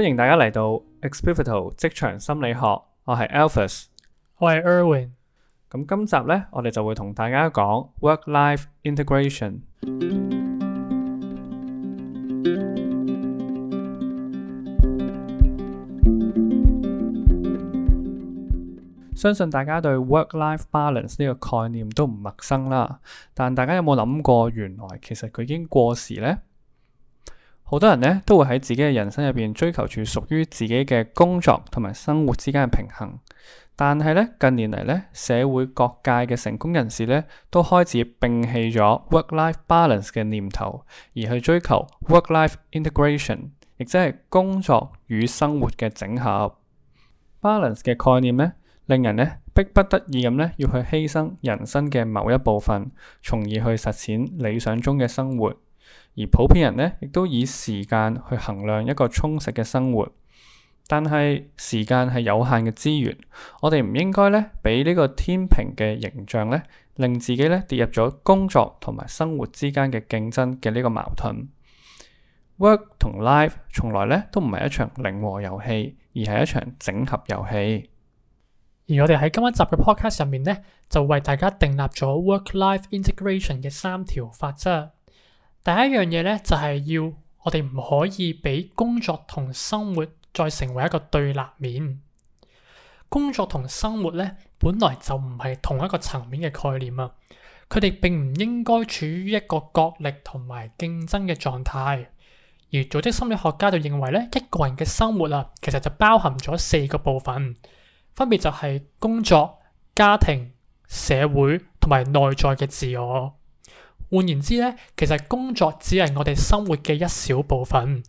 歡迎大家嚟到 Experfital 職場心理學，我係 Alfus，我係 Irwin。咁今集呢，我哋就會同大家講 work-life integration。相信大家對 work-life balance 呢個概念都唔陌生啦，但大家有冇諗過，原來其實佢已經過時呢？好多人咧都會喺自己嘅人生入邊追求住屬於自己嘅工作同埋生活之間嘅平衡，但係咧近年嚟咧社會各界嘅成功人士咧都開始摒棄咗 work-life balance 嘅念頭，而去追求 work-life integration，亦即係工作與生活嘅整合。Balance 嘅概念咧，令人咧逼不得已咁咧要去犧牲人生嘅某一部分，從而去實踐理想中嘅生活。而普遍人咧，亦都以時間去衡量一個充實嘅生活，但係，時間係有限嘅資源，我哋唔應該咧俾呢個天平嘅形象咧，令自己咧跌入咗工作同埋生活之間嘅競爭嘅呢個矛盾。Work 同 life 從來咧都唔係一場零和遊戲，而係一場整合遊戲。而我哋喺今一集嘅 podcast 上面咧，就為大家訂立咗 work life integration 嘅三條法則。第一樣嘢咧，就係要我哋唔可以俾工作同生活再成為一個對立面。工作同生活咧，本來就唔係同一個層面嘅概念啊。佢哋並唔應該處於一個角力同埋競爭嘅狀態。而組織心理學家就認為咧，一個人嘅生活啊，其實就包含咗四個部分，分別就係工作、家庭、社會同埋內在嘅自我。換言之咧，其實工作只係我哋生活嘅一小部分。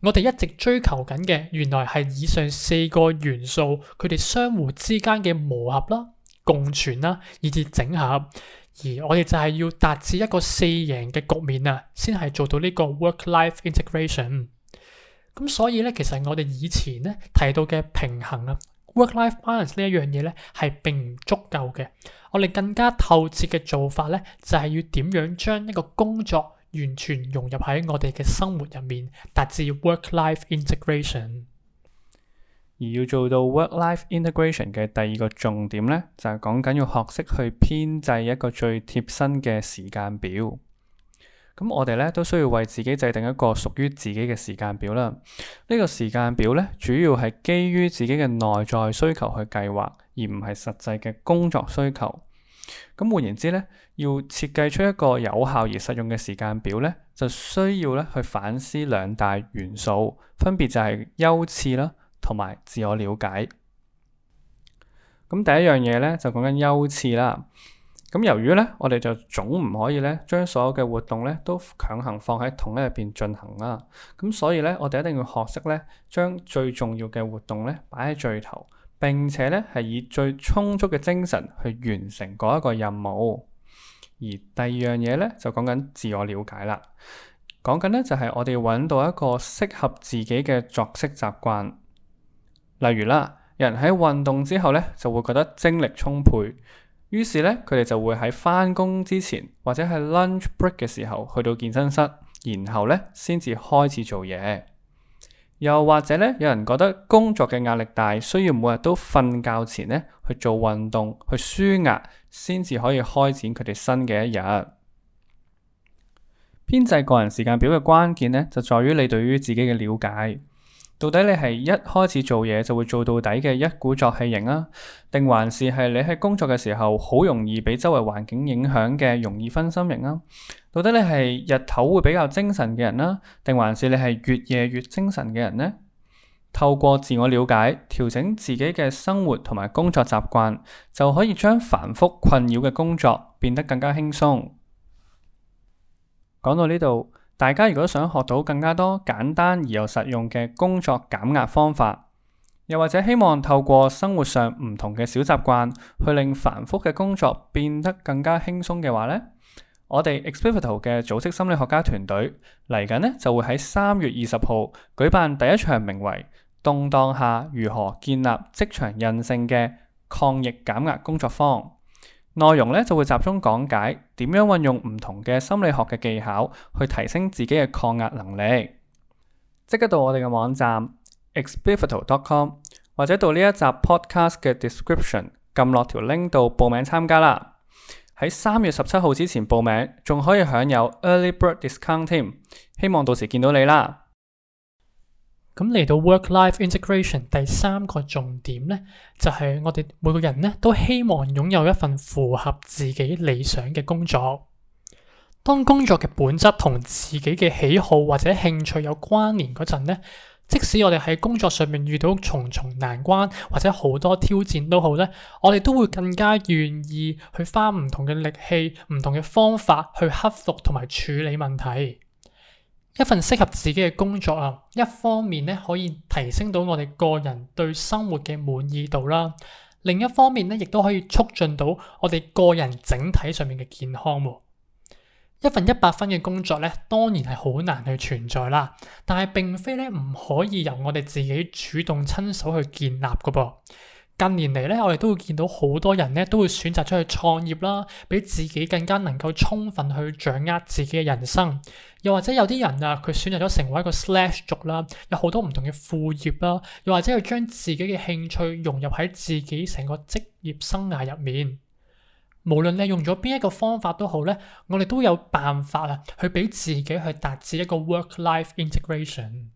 我哋一直追求緊嘅，原來係以上四個元素，佢哋相互之間嘅磨合啦、共存啦，以至整合。而我哋就係要達至一個四贏嘅局面啊，先係做到呢個 work-life integration。咁所以咧，其實我哋以前咧提到嘅平衡啦。Work-life balance 呢一樣嘢咧係並唔足夠嘅，我哋更加透徹嘅做法咧就係要點樣將一個工作完全融入喺我哋嘅生活入面，達至 work-life integration。而要做到 work-life integration 嘅第二個重點咧，就係講緊要學識去編制一個最貼身嘅時間表。咁我哋咧都需要為自己制定一個屬於自己嘅時間表啦。呢個時間表咧，主要係基於自己嘅內在需求去計劃，而唔係實際嘅工作需求。咁換言之咧，要設計出一個有效而實用嘅時間表咧，就需要咧去反思兩大元素，分別就係優次啦，同埋自我了解。咁第一樣嘢咧就講緊優次啦。咁由於咧，我哋就總唔可以咧，將所有嘅活動咧都強行放喺同一入邊進行啦。咁所以咧，我哋一定要學識咧，將最重要嘅活動咧擺喺最頭，並且咧係以最充足嘅精神去完成嗰一個任務。而第二樣嘢咧，就講緊自我了解啦。講緊咧就係我哋搵到一個適合自己嘅作息習慣。例如啦，人喺運動之後咧，就會覺得精力充沛。於是咧，佢哋就會喺翻工之前或者係 lunch break 嘅時候去到健身室，然後咧先至開始做嘢。又或者咧，有人覺得工作嘅壓力大，需要每日都瞓覺前咧去做運動去舒壓，先至可以開展佢哋新嘅一日。編製個人時間表嘅關鍵咧，就在於你對於自己嘅了解。到底你係一開始做嘢就會做到底嘅一鼓作氣型啊，定還是係你喺工作嘅時候好容易俾周圍環境影響嘅容易分心型啊？到底你係日頭會比較精神嘅人啦，啊，定還是你係越夜越精神嘅人呢？透過自我了解，調整自己嘅生活同埋工作習慣，就可以將繁複困擾嘅工作變得更加輕鬆。講到呢度。大家如果想學到更加多簡單而又實用嘅工作減壓方法，又或者希望透過生活上唔同嘅小習慣去令繁複嘅工作變得更加輕鬆嘅話呢，我哋 Experfit 嘅組織心理學家團隊嚟緊呢，就會喺三月二十號舉辦第一場名為《動盪下如何建立職場韌性嘅抗疫減壓工作坊》。內容咧就會集中講解點樣運用唔同嘅心理學嘅技巧去提升自己嘅抗壓能力。即刻到我哋嘅網站 expertful.com 或者到呢一集 podcast 嘅 description 撳落條 link 度報名參加啦。喺三月十七號之前報名，仲可以享有 early bird discount 添。希望到時見到你啦。咁嚟到 work-life integration，第三個重點咧，就係、是、我哋每個人咧都希望擁有一份符合自己理想嘅工作。當工作嘅本質同自己嘅喜好或者興趣有關聯嗰陣咧，即使我哋喺工作上面遇到重重難關或者好多挑戰都好咧，我哋都會更加願意去花唔同嘅力氣、唔同嘅方法去克服同埋處理問題。一份適合自己嘅工作啊，一方面咧可以提升到我哋個人對生活嘅滿意度啦，另一方面咧亦都可以促進到我哋個人整體上面嘅健康。一份一百分嘅工作咧，當然係好難去存在啦，但係並非咧唔可以由我哋自己主動親手去建立㗎噃。近年嚟咧，我哋都會見到好多人咧，都會選擇出去創業啦，畀自己更加能夠充分去掌握自己嘅人生。又或者有啲人啊，佢選擇咗成為一個 slash 族啦，有好多唔同嘅副業啦。又或者佢將自己嘅興趣融入喺自己成個職業生涯入面。無論你用咗邊一個方法都好咧，我哋都有辦法啊，去俾自己去達至一個 work-life integration。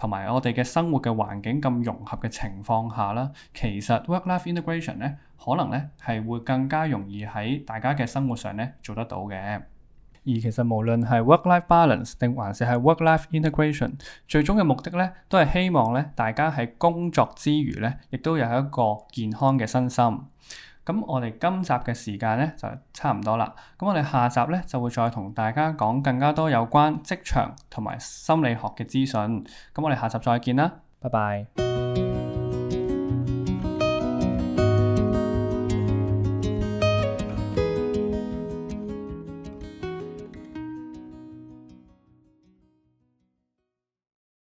同埋我哋嘅生活嘅環境咁融合嘅情況下啦，其實 work-life integration 咧，可能咧係會更加容易喺大家嘅生活上咧做得到嘅。而其實無論係 work-life balance 定還是係 work-life integration，最終嘅目的咧，都係希望咧大家喺工作之餘咧，亦都有一個健康嘅身心。咁我哋今集嘅時間咧就差唔多啦，咁我哋下集咧就會再同大家講更加多有關職場同埋心理學嘅資訊，咁我哋下集再見啦，拜拜。